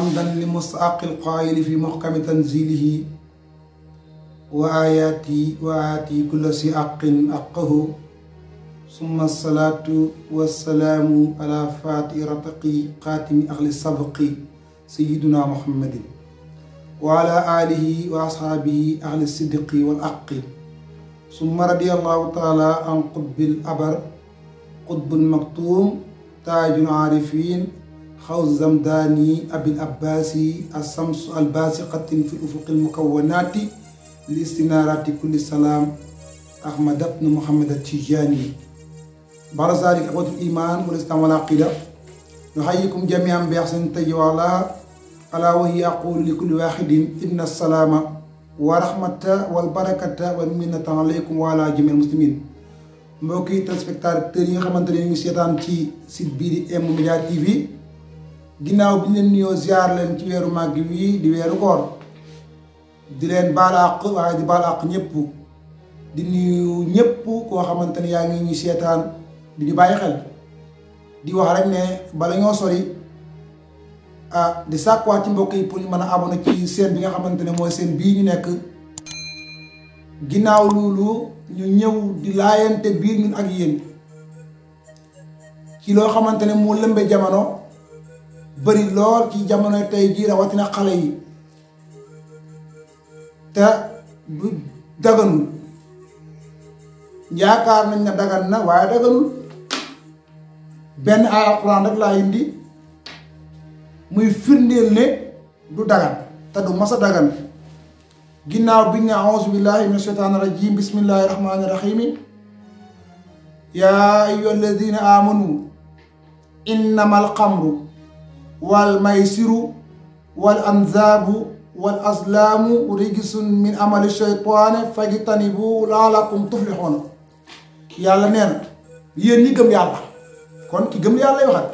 حمدا لمصعق القائل في محكم تنزيله وآياتي وآتي كل سعق أقه ثم الصلاة والسلام على فاتح رتقي قاتم أهل السبق سيدنا محمد وعلى آله وأصحابه أهل الصدق والأق ثم رضي الله تعالى عن قطب الأبر قطب المكتوم تاج العارفين خوز زمداني أبي الأباسي الشمس الباسقة في الأفق المكونات لاستنارات كل سلام أحمد بن محمد التجاني بعد ذلك أخوة الإيمان والإسلام والعقيدة نحييكم جميعا بأحسن التجوالها ألا وهي أقول لكل واحد إن السلام ورحمة والبركة والمنة عليكم وعلى جميع المسلمين موكي تنسبكتار yi nga xamante سيطان تي سيد seetaan ci site bii di M ginnaaw bi ñu leen nuyoo ziar leen ci weeru màgg wii di weeru koor di leen baal àq waaye di baal àq di nuyu ñëpp koo xamante ne yaa ngi ñuy seetaan di ñu bàyyi xel di wax rek ne bala ñoo sori ah, di sàkkuwaat ci mbokk yi pour ñu mën a abonné ci seen bi nga xamante ne mooy seen bii ñu nekk ginnaaw loolu ñu ñëw di laayante biir ñun ak yéen ci loo xamante ne moo lëmbe jamono. bëri lool ci jamono tey jii rawatina xale yi te bu daganul yaakaar nañ ne dagan na waaye daganul benn alxuraan rek laa indi muy firndeel ne du dagan te du mas a ginnaaw bi ñu ne auzu billahi min sheytaani rajim rahmaani rahim yaa ayyuha alladina amanu innama alxamru wal maysiru wal amzaabu wal aslaamu rijisun min amali shaytaane fajtanibu laalakum tuflixoona yàlla nee yéen ñi gëm yàlla kon ki gëm yàlla lay waxat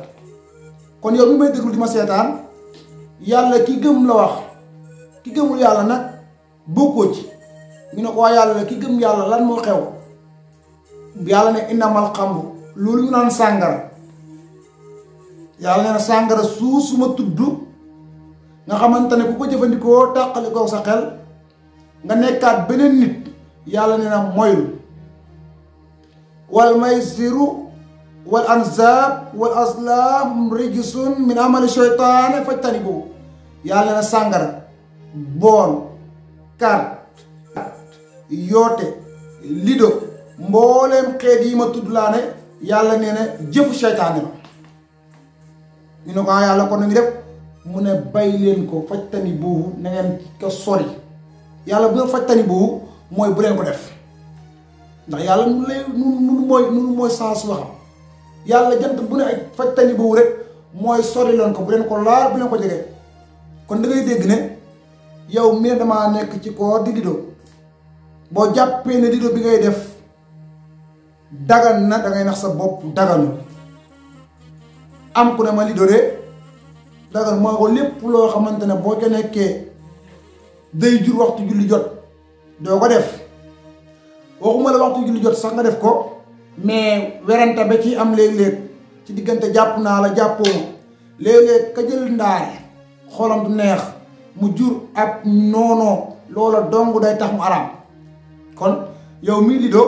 kon yow mi may déglu di ma seetaan yàlla ki gëm la wax ki gëmul yàlla nag bokkoo ci ñu ne ko waa yàlla ki gëm yàlla lan moo xew yàlla ne innamal xamru loolu ñu naan sàngara yàlla nee na sàngara suma tudd nga xamante ne ku ko jëfandikoo tàqali ko sa xel nga nekkaat beneen nit yàlla nee na moyul wal maysiru wal anzab wal aslaam rijisun min amali sheytaane fajtanibu yàlla nee sàngara boon kart yoote lido mbooleem xeet yi ma tudd laa ne yàlla nee na jëfu seytaane la ñu ne ko ah yàlla kon nañu def mu ne bay leen ko faj tani boobu na ngeen ko sori yàlla bu faj tani boobu mooy bu leen ko def ndax yàlla nu lay nunu mooy nunu mooy sens waxam yàlla jant bu ne faj tani boobu rek mooy sori leen ko bu leen ko laal bu leen ko jege kon da ngay dégg ne yow mi damaa nekk ci koor di dido boo jàppee ne dido bi ngay def dagan na da nax sa bopp daganu am ku ne ma li doree dagan moo ko lépp loo xamante ne boo ca nekkee day jur waxtu julli jot doo ko def waxuma la waxtu julli jot sax nga def ko mais werante ba ci am léeg-léeg ci diggante jàpp naa la jàppoo léeg-léeg ka jël ndaare xolam neex mu jur ab noonoo loola dong day tax mu araam kon yow mii li do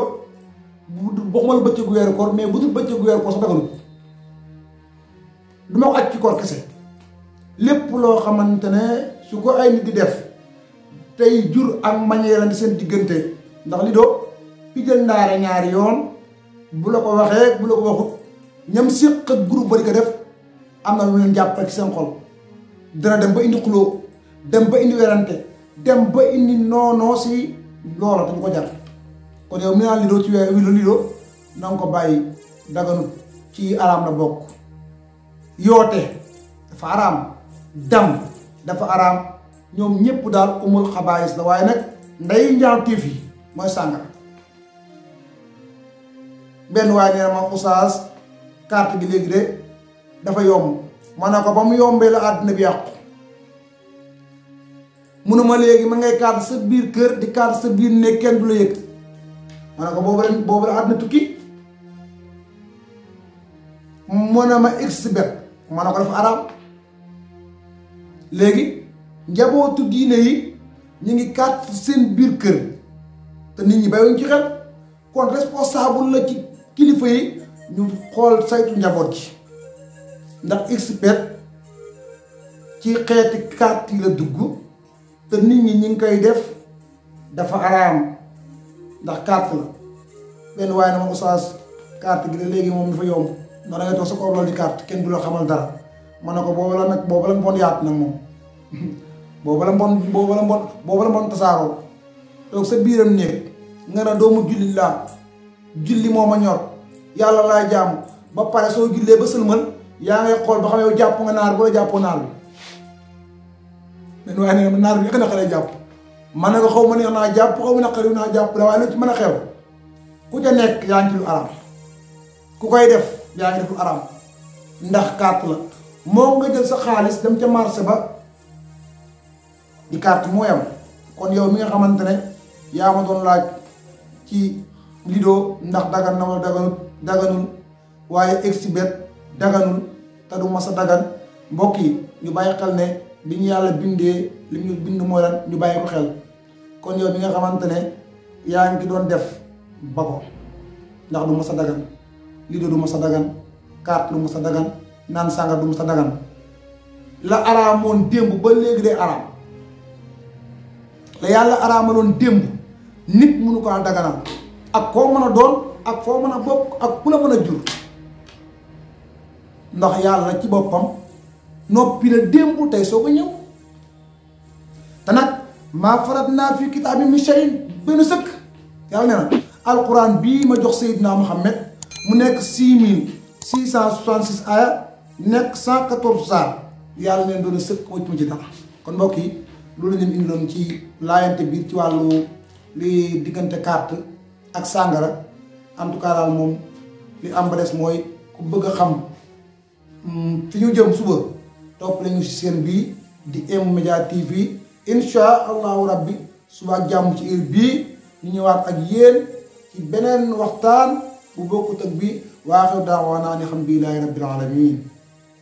bu waxuma la bëccëgu weeru koor mais bu dul bëccëgu weeru koor sax daganut du ma ko ci koor kese lépp loo xamante su ko ay nit di def tay jur ak ni sen digeunte ndax li do pigal ndara ñaar yoon bu la ko bu la ko waxut ñam sekk ak groupe bari ko def amna lu ñu japp ak sen xol dara dem ba indi xuloo dem ba indi werante dem ba indi nono si loola dañ ko jar ko yow mi na li do ci weer wi li do nang ko bayyi daganu ci alam la bokku yoote dafa araam dam dafa araam ñoom ñëpp daal umul xabaayis la waaye nag nday njawteef yi mooy sàngara benn waaye nee na ma oustaz carte bi léegi de dafa yomb ma ne ko ba mu yombee la àddina bi yàqu munuma léegi ma ngay carte sa biir kër di carte sa biir ne kenn du la yëg ma ne ko boobu la boobu la àddina tukki mu ne ma xbet mën a ko def araam léegi diine yi ñi ngi kat seen bir kër te nit ñi bàyyiwuñ ci xel kon responsable la ci kilifa yi ñu xol saytu njaboot ci ndax expert ci xeeti kat yi la dugg te nit ñi ñu ngi koy def dafa araam ndax kat la ben way na mo oustaz kat gi legi mom dafa yomb ndax da ngay toog sa kaw lool di kenn du la xamal dara ma ne ko boobu la nag boobu la mbon yaat na moom boobu la mbon boobu la mbon boobu la mbon tasaaroo toog sa biiram néeg nga ne doomu julli laa julli moo ma ñor yàlla laa jaamu ba pare soo jullee ba sëlmal yaa ngay xool ba xam yow jàpp nga naar wala jàppoo naar bi dañu waaye ne naar bi yëkk naqaree jàpp man na nga xaw ma neex naa jàpp xaw ma naqari naa jàpp da waaye lu ci mën a xew ku ca nekk yaa ngi ci lu araam ku koy def yaa ngi aram ndax carte la moom nga jël sa xaalis dem ca marché ba di carte mooy am kon yow mi nga xamante ne yaa ma doon laaj ci lido ndax dagan na wala daganul daganul waaye exibet daganul te du dagan mbokk yi ñu bàyyi xel ne bi ñu yàlla bindee li ñu bind mooy lan ñu bàyyi ko xel kon yow mi nga xamante ne yaa ngi doon def ba ko ndax du dagan lido du mos a dagan carte du mos a dagan naan sàngar du mos a dagan la araamoon démb ba léegi day araam la yàlla araamaloon démb nit mënu ko daganal ak koo mën a doon ak foo mën a bokk ak ku la mën a jur ndax yàlla ci boppam noppi na démb tey soo ko ñëw te nag maa farat naa fi kitaabi min shay'in benn sëkk yàlla nee na alquran bii ma jox Seydina Muhammad mu nek 6666 aya nek 114 saar yàlla leen doon sekk wëcc ma ci dara kon mbokk yi loolu ñu indiloon ci layante bi ci walu li diggante carte ak sangara en tout cas dal mom li am ba des ku bëgg xam mm, fi ñu jëm suba top lañu ci seen bi di M-Media TV insha allah rabbi suba jamm ci heure bii ñu ñëwaat ak yeen ci benen waxtaan وبوكو تكبير واخر دعوانا ان الحمد لله رب العالمين